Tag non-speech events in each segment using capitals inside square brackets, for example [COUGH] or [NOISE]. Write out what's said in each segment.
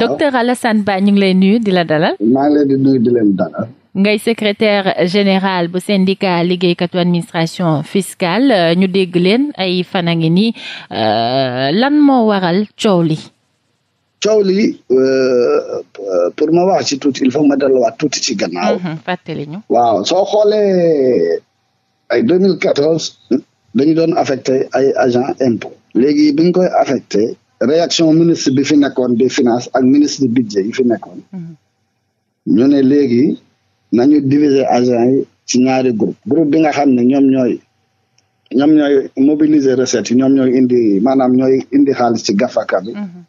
docteur Alassane Ba ñu ngi lay nuyu di la dalal. maa ngi leen di nuyu di leen dalal. ngay secrétaire général bu syndicat liggéeykatu administration fiscale euh, ñu dégg leen ay fan a ngi nii euh, lan moo waral coow li. coow li euh, pour ma wax ci tuuti il faut ma delluwaat tuuti ci gannaaw. Mhm, fàttali ñu. waaw soo xoolee ay 2014 doon affecté ay agent impôt léegi bi ñu koy affecté. réaction ministre bi fi nekkoon des finance ak ministre du budget yi fi nekkoon mm-hmm. ñu ne léegi nañu diviser agents yi ci ñaari groupe groupe bi nga xam ne ñoom ñooy ñoom ñooy mobiliser recettes yi ñoom ñooy indi maanaam ñooy indi xaalis ci gafaka bi mm-hmm.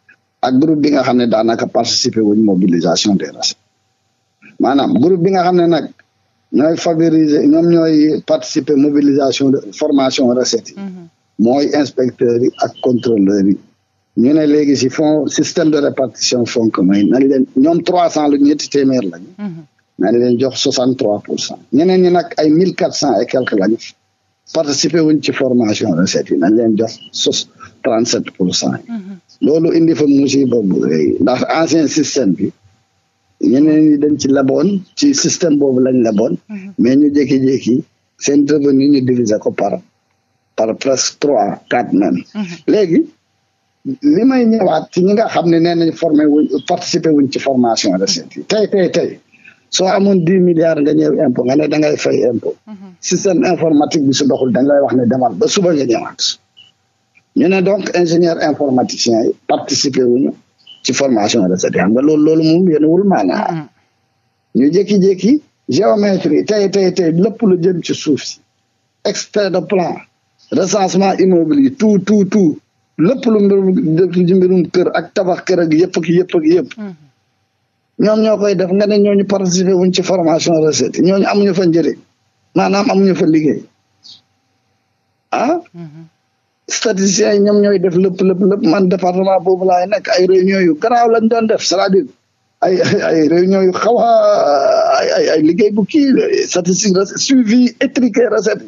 ak groupe bi nga xam ne daanaka participer wuñ mobilisation des recettes maanaam groupe bi nga xam ne nag ñooy favoriser ñoom ñooy participer mobilisation de formation recettes yi mm-hmm. mooy inspecteurs yi ak contrôleurs yi ñu ne léegi si fond système de répartition fonds commun yi nañ leen ñoom trois cent la ñetti téeméer lañu mhm. nañ leen jox soixante trois pour cent ñeneen ñi nag ay mille quatre cent et quelque lañu participer wuñ ci formation recette yi nañ leen jox sos trente sept pour cent yi mhm. loolu indi fa musiba bu rëy ndax ancien système bi ñeneen ñi dañ ci laboon ci système boobu lañ laboon mhm. mais ñu jékki-jékki seen revenu ñu diviser ko par par presque trois quatre même léegi li may ñëwaat ci ñi nga xam ne nee nañ wuñ participé wuñ ci formation recette yi tey tey tey soo amoon dix milliards nga ñëw impôt nga ne da ngay fay impôt mhm. système informatique bi su doxul dañ lay wax ne demal ba suba nga ñëwaat ñu ne donc ingénieur informaticien yi participer wuñu ci formation recette yi xam nga loolu loolu moom yéen wul maanaa mhm. ñu jékki-jékki géométrie tey tey tey lépp jëm ci suuf si extrait de plan recensement immobile yi tout tout lépp lu mbirum ci mbirum kër ak tabax kër ak yëpp ak yëpp yëpp mm-hmm. ñoom ñoo koy def nga ne ñooñu participer wuñ ci formation recette ñooñu amuñu fa njëriñ maanaam amuñu fa liggéey ah mm-hmm. statisticiens yi ñoom ñooy def lépp lépp man département boobu laay nekk ay réunion yu garaaw lañ doon def cest à ay [LAUGHS] réunion yu xaw a ay liggéey bu kii statistique recette suivi étriqué recette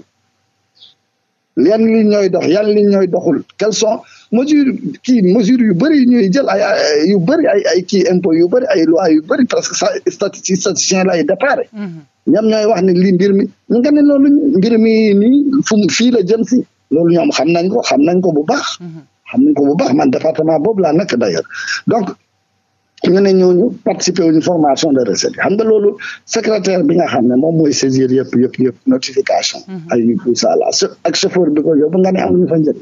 yan li ñooy dox yan li ñooy doxul quels sont mesure kii mesure yu bëri yu ñuy jël ay yu bëri ay ay kii impôt yu bari ay loi yu bëri parce que ci statisticien lay déparé mm-hmm. ñoom ñooy wax ne li mbir mi nga ne loolu mbir mi ni fu fii la jëm loolu ñoom xam nañ ko xam nañ ko bu baax mm-hmm. xam nañ ko bu baax man département boobu laa nekk d'ailleurs donc ñu ne ñooñu participer wuñu formation de recette xam nga loolu secrétaire bi nga xam ne moom mooy saisir yëpp yëpp yëpp notification mm-hmm. ay yu tout ça ak chauffeur bi ko yóbbu nga ne amuñu fa njëriñ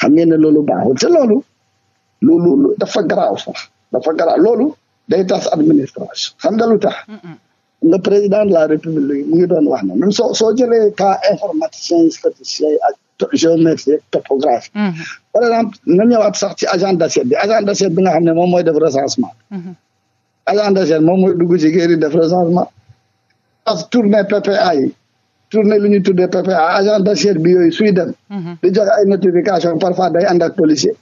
xam ngeen ne loolu baaxul te loolu loolu dafa garaaw sax dafa garaaw loolu day tas administration xam nga lu tax nga président de la république mu ngi doon wax ne même soo soo jëlee cas informaticien yi statisticien yi ak géomètre yeeg topographie mm-hmm. par exemple nga ñëwaat sax agent d'assiette bi agent d'assiette bi nga xam ne moom mooy def recensement mm-hmm. agent d'assiette moom mooy dugg ci géeri def recensement parce tourner PPA tournée lu ñu tuddee PPA agent d'achère bi yooyu suy dem mhm. di joxe ay notification parfois day ànd ak policier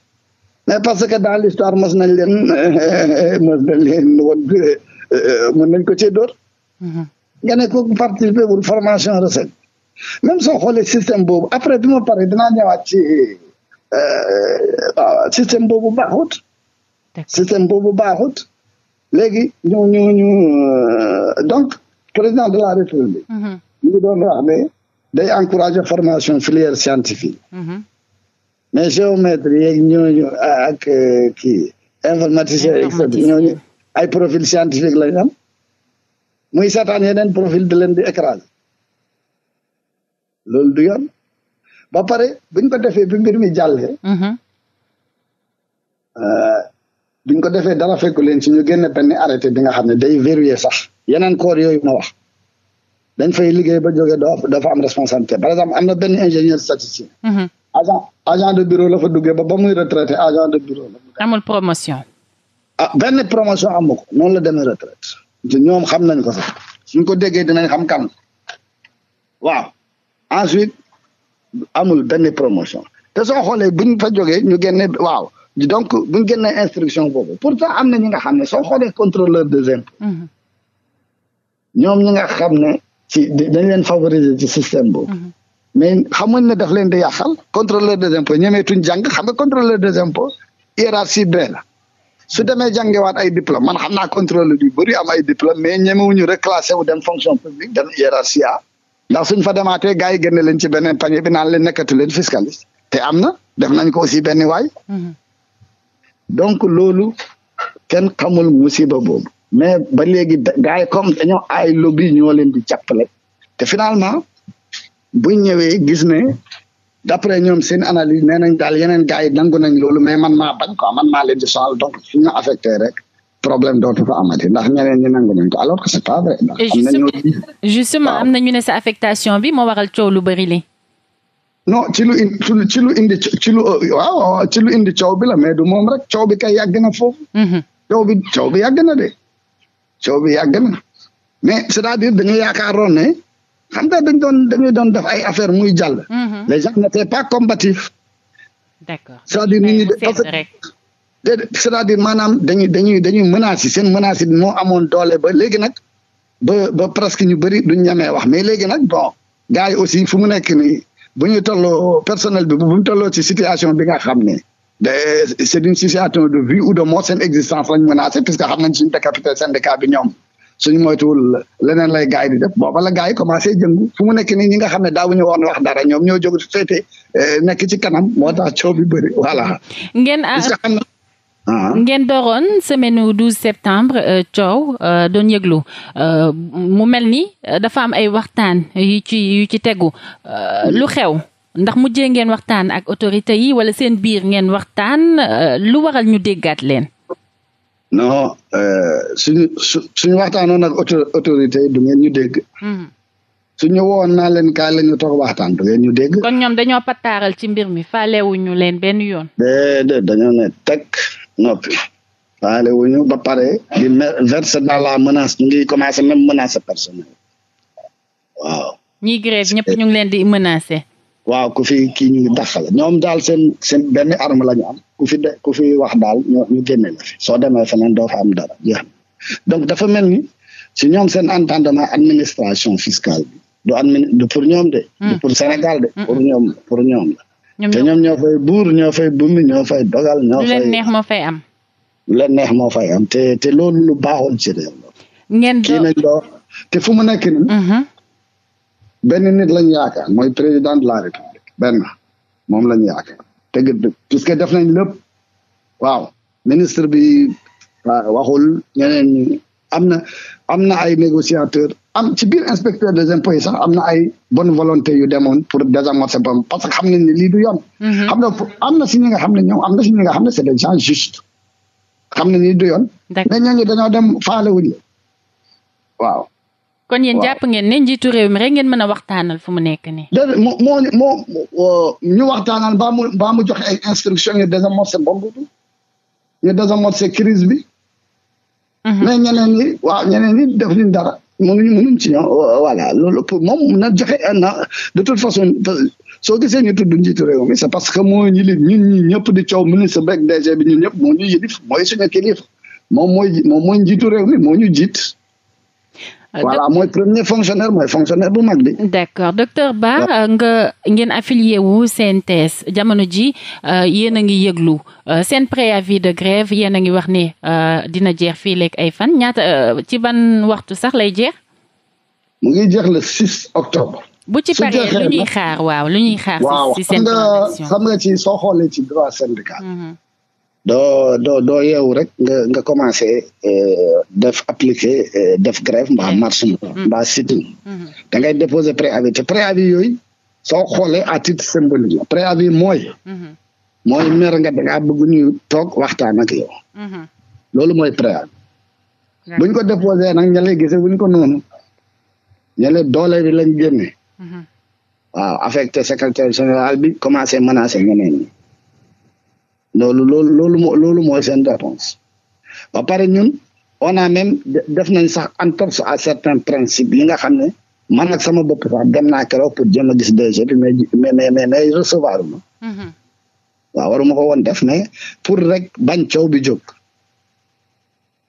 parce que dans l'histoire mos nañ leen [LAUGHS] mos nañ leen woon euh, mën nañ ko cee dóor mhm. nga ne ko participer wul formation recette même soo xoolee système boobu après bi ma pare dinaa ñëwaat ci euh, waaw système boobu baaxut système boobu baaxut léegi ñu ñu euh, de la ñu ngi doon wax ne day encouragé formation filière scientifique mhm. mais géomètre yeeg ñooñu ak euh, kii informaticien et cetera ñooñu ay profil scientifique lañ am muy seetaan yeneen profil di leen di écraser loolu du yoon ba pare buñ ko defee bi mbir mi jàllee mhm. euh, biñ ko defee dara fekku leen ci ñu génne benn arrêté bi nga xam ne day verrouiller sax yeneen corps yooyu ma wax dañ fay liggéey ba jógee dafa am responsabilité par exemple am na benn ingénieur statisticien. Mhm. agent agent de bureau la fa dugge ba ba muy retraité agent de bureau la. amul promotion. a ah, benn promotion amu ko noonu la demee retraite ñoom xam nañ ko sax suñ ko déggee dinañ xam kan waw ensuite amul benn promotion te soo xoolee buñ fa joge ñu génne waaw donc buñ génnee instruction boobu pourtant am na ñi nga xam ne soo xoolee contrôleur des impôts. Mhm. ci dañ leen favoriser ci système boobu. Mhm. mais xamuñ ne daf leen di yàqal contrôleur des impôts ñemeetuñ jàng xam nga contrôleur des impôts hiérarchie bee la su demee jàngewaat ay diplôme man xam naa contrôleur yu bëri am ay diplôme mais ñemewuñu reclassé wu dem fonction publique dem hiérarchie A ndax suñ fa demaatee gars yi génne leen ci beneen panier bi naan leen nekkatu leen fiscaliste te am na def nañ ko aussi benn waay mhm. donc loolu kenn xamul musiba boobu mais ba léegi gars yi comme dañoo ay lobby ñoo leen di jàppale te finalement buñ ñëwee gis ne d' ñoom seen analyse nee nañ daal yeneen gars yi nangu nañ loolu mais man maa bañ quoi man maa leen di sonal donc suñ ma affecté rek problème dootu fa amati ndax ñeneen ñi nangu nañ ko alors que c' pas vrai. justement am na ñu ne sa affectation bi moo waral coow lu bëri no ci lu ci lu indi ci lu euh, waaw lu indi coow bi la mais du moom rek coow bi kay yàgg na foofu. Mhm. coow bi coow bi yàgg na de. coow bi yàgg na mais c'est-à-dire dañu yaakaaroon ne xam nga dañu doon dañuy doon def ay affaire muy jàll. Mhm. les gens n'étaient pas combatifs. d'accord c'est-à-dire c'est-à-dire maanaam dañuy dañuy dañuy menaces yi seen menaces yi moo amoon doole ba léegi nag ba ba presque ñu bëri duñ ñamee wax mais léegi nag bon gars yi aussi fu mu nekk nii bu ñu tolloo personnel bi bu ñu tolloo ci situation bi nga xam ne c'est une situation de vie ou de mort seen existence lañ menacé puisque xam nañ suñu décapité syndicat bi ñoom suñu moytuwul leneen lay gars yi di def booba a gars yi commencé jëngu fu mu nekk nii ñi nga xam ne daawuñu woon wax dara ñoom ñoo jóg féete eh, nekk ci kanam moo tax coow bi bëri voilà. ngeen ah, ah. ngeen dooroon semaine u 12 septembre euh, coow euh, doon yëglu euh, mu mel ni dafa am ay waxtaan yu ci yu ci tegu lu xew. ndax mujjee ngeen waxtaan ak autorité yi wala seen biir ngeen waxtaan euh, lu waral ñu déggaat leen non euh, suñu su suñu waxtaanoon ak autorité yi du ngeen ñu dégg hmm. suñu woon naa leen kaay la ñu toog waxtaan du ngeen ñu dégg kon ñoom dañoo pataaral ci mbir mi faalewuñu leen benn yoon déedéet dañoo ne teg noppi faalewuñu ba pare di verser menace ngi commencé même menacer personnel waaw ñiy grève ñëpp ñu ngi leen di menacer waaw ku fi kii ñu dàqale ñoom daal seen seen benn arme la am ku fi de ku fi wax daal ñu génne la fi soo demee feneen doo am dara jeex donc dafa mel ni si ñoom seen entendement administration fiscale bi du admin du pour ñoom de. Hmm. du pour Sénégal de. Hmm. pour ñoom pour ñoom la. te ñoom ñoo fay buur ñoo fay bumi ñoo fay dogal. ñoo fay neex moo fay am. lu leen neex moo fay am te te loolu lu baaxul ci réew la. ngeen doon te fu mu nekk benn nit lañ yaakaar mooy président de la république benn moom lañ yaakaar te gëdd puisque def nañ lépp waaw ministre bi waxul ñeneen am na am na ay négociateur am ci biir inspecteur des impôts yi sax am na ay bonne volonté yu demoon pour désamorcer ba parce que xam nañ ne lii du yoon. Mm-hmm. xam am na si ñi nga xam ne ñoom am na si nga xam ne c'est des gens xam nañ lii du yoon. d'accord ñooñu dañoo dem faale wuñu waaw kon yéen jàpp ngeen ne njiitu réew mi rek ngeen mën a waxtaanal fu mu nekk nii. déedéet moo moo moo ñu waxtaanal baa mu baa mu joxe ay instruction ñu désamorcer mbokku ñu désamorcer crise bi. Mhm. mais ñeneen ñi waaw ñeneen ñi def nañ dara mënuñ mënuñ ci ñoom voilà loolu pour moom na joxe euh, na de toute façon soo gisee ñu tudd njiitu réew mi c'est parce que moo ñu li ñun ñi ñëpp di moo ñu yilif mooy réew mi moo ñu jiit. Euh, voilà mooy premier fonctionnaire mooy fonctionnaire bu mag bi. d' accord docteur Ba euh, nga ngeen affilié wu CNTS jamono ji euh, yéen a ngi yëglu seen préavis de grève yéen a ngi wax ni dina jeex fii léegi ay fan ñaata ci ban waxtu sax lay jeex. mu ngi jeex le octobre. bu ci paree lu ñuy xaar waaw lu ñuy xaar. ci seen xam soo xoolee doo doo doo yeewu rek nga nga commencé euh, def appliquer euh, def grève mbaa mm-hmm. marche mm-hmm. mbaa sit-in mm-hmm. da ngay déposer préavis te préavis yooyu soo xoolee a titre symbolique la préavis mooy mooy mer nga dangaa bëgg ñu toog waxtaan ak yow loolu mooy préavis buñ ko déposé nag ñale gise buñ ko noonu ñale doole bi lañ génne waaw affecté secrétaire général bi commencé menacé ñeneen ñi loolu loolu loolu moo loolu mooy seen réponse a pare ñun on a même def nañ sax entorse à certains principes yi nga xam ne man ak sama bopp sax dem naa keroog pour jéem a gis de bi mais mais mais mais recevoir ma. Mm-hmm. waaw waruma ko woon def mais pour rek bañ coow bi jóg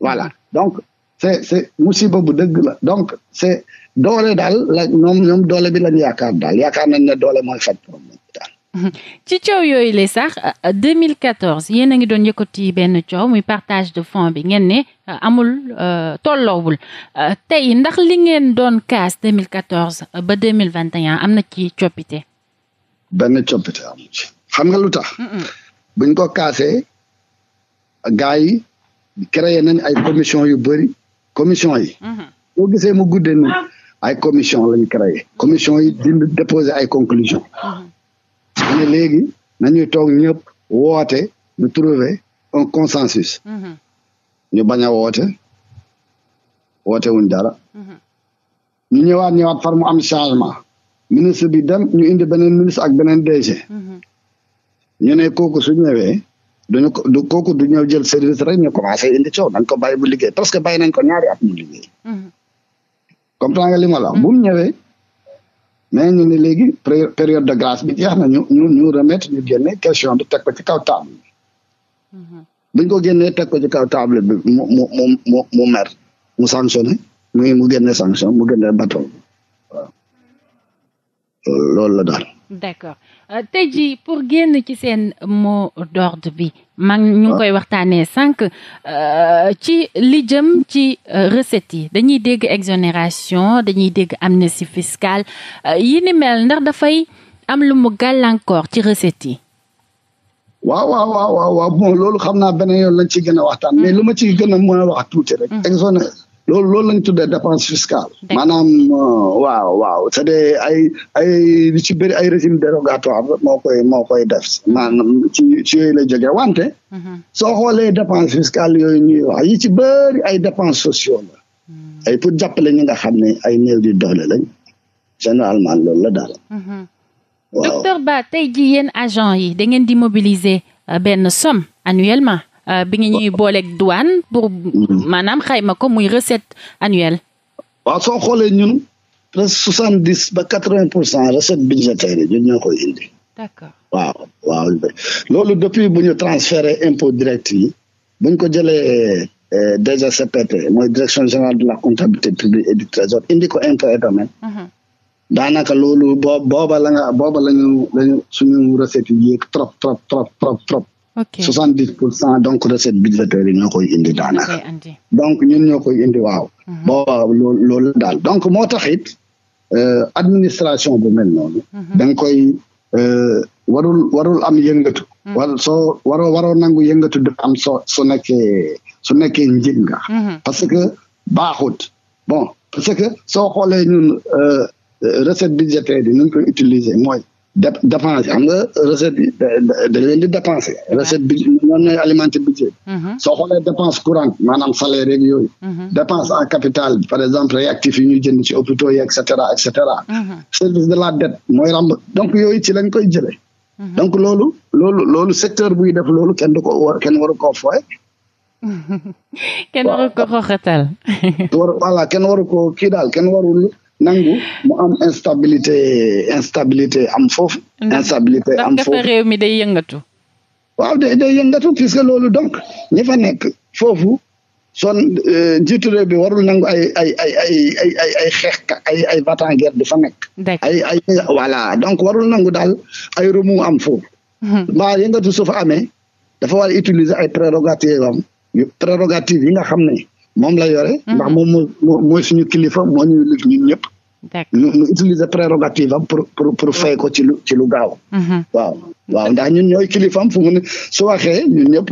voilà mm-hmm. donc c'est c'est musiba bu dëgg la donc c'est doole daal la ñoom doole bi lañ yaakaar daal yaakaar nañ ne doole mooy faj problème [LAUGHS] ci coow yooyu le sax 2014 euh, euh, yéen a ngi doon yëkkati benn coow muy partage de fonds bi ngeen ne euh, amul tolloowul tey ndax li ngeen doon kaas 2014 ba 2021 am na ci coppite. benn coppite am ci xam nga lu buñ ko kaasee gars yi créé nañ ay commission yu bëri commission yi. Mm-hmm. boo gisee mu guddee noonu ay commission lañ créé. commission yi dindi déposé ay conclusion mm-hmm. ne léegi nañuy toog ñëpp woote ñu trouver un consensus. Mhm. ñu bañ a woote wuñ dara. Mhm. ñu ñëwaat ñëwaat far mu am changement. ministre bi dem ñu indi beneen ministre ak beneen DG. Mhm. ñu ne kooku su ñëwee duñu ko du kooku du ñëw jël service rek ñu commencé indi coow nañ ko bu liggéey parce que bay nañ ko ñaari at mu liggéey. comprendre nga li ma la ñëwee. mais ñu ne léegi période de grâce bi jeex na ñu ñu ñu remettre ñu génne question de teg ko ci kaw table bi mm-hmm. buñ ko génnee teg ko ci kaw table bi mu mu mu mu mu mer mu sanctionné mu mu génne sanction mu génne bato waaw la daal d'accord euh, tey jii pour génn ci seen mot d'ordre bi mag ñu ngi koy waxtaanee sànq euh, ci li jëm ci euh, recettes yi dañuy dégg exonération dañuy dégg amnistie fiscale yi ni mel ndax dafay am lu mu gàllankoor ci recettes yi waaw waaw waaw waaw bon loolu xam naa beneen yoon lañ ci gën a waxtaan hmm. mais lu ma ci gën a mën a wax tuuti rek hmm. exonération loolu loolu lañ tuddee dépense fiscale maanaam euh, waaw waaw c'est des ay ay li ci bëri ay régime dérogatoire moo koy moo koy def maanaam ci ci yooyu la jógee wante mhm. soo xoolee dépense fiscale yooyu ñuy wax yi ci bëri ay dépense sociale la mhm. ay pour jàppale ñi nga xam ne ay néew di doole lañ généralement loolu la daal mhm. waaw docteur tey ji agent yi da ngeen di mobiliser euh, benn somme annuellement Euh, bi nga ñuy booleeg douane pour hmm. maanaam xayma ko muy recette annuelle. waaw soo xoolee ñun presque soixante dix ba quatre vingt pour cent recette budgétaire yi ñun ñoo koy indi. d'accord waaw loolu depuis bu ñu transféré impo direct yi bu ñu ko jëlee eh, déjà CPP mooy direction générale de la comptabilité publique et du trésor indi ko impôt et domaine. Uh-huh. daanaka loolu boo booba la nga la ñu la ñu suñu recette yi trop trop trop. ok soixante dix pour cent donc recette budgétaire yi ñoo koy indi daanaka. donc ñun ñoo koy indi waaw. Mhm. booba loolu loolu daal donc moo tax euh, administration bu mel noonu. Mhm. da nga koy euh, warul warul am yëngatu. Mhm. war soo waroo waroo nangu yëngatu dafa am soo su nekkee su nekkee njëg nga. parce que baaxut bon parce que soo xoolee ñun euh, recette budgétaire yi ñu koy utiliser mooy. dépense xam nga recette bi dañ leen di dépenser recette bi ñoom ñooy alimenter budget mm-hmm. soo xoolee dépense courante maanaam salaire yooyu mm-hmm. dépense en capital par exemple réactif yi ñuy jënd ci hôpitaux yi et mm-hmm. service de la dette mooy ramb donc yooyu ci lañ koy jëlee donc loolu loolu loolu secteur buy def loolu kenn du fooy [LAUGHS] kenn waru ko xoxatal [LAUGHS] war voilà kenn daal kenn warul nangu mu am instabilité instabilité am foofu. instabilité am foofu ndax réew mi day yëngatu. waaw day day yëngatu loolu donc ñi fa nekk foofu son euh, njiitu réew bi warul nangu ay ay ay ay ay ay xeex ay ay va t fa nekk. ay ay donc warul nangu daal ay remous am foofu. Hmm. mbaa yëngatu su fa amee dafa war utiliser ay prérogatives am yu prérogatives yi nga xam ne. moom la yore. Mhm. ndax moom mooy suñu kilifa moo ñuy lig ñun ñëpp. ñu ñu utiliser prérogative am pour pour pour ko ci lu ci lu gaaw. Mhm. waaw waaw ndax ñun ñooy kilifaam fu mu ne su waxee ñun ñëpp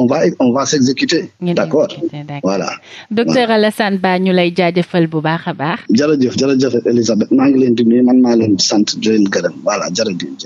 on va on va s'exécuter. d' accord voilà. docteur Alassane Ba ñu lay jaajëfal bu baax a baax. jërëjëf jërëjëf Elisabeth maa ngi leen di nuyu man maa leen di sant di leen gërëm